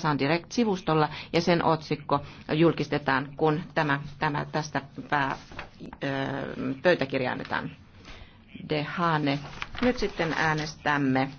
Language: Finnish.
Sound Direct-sivustolla ja sen otsikko julkistetaan, kun tämä, tämä tästä pää, pöytäkirja annetaan. Dehane. Nyt sitten äänestämme.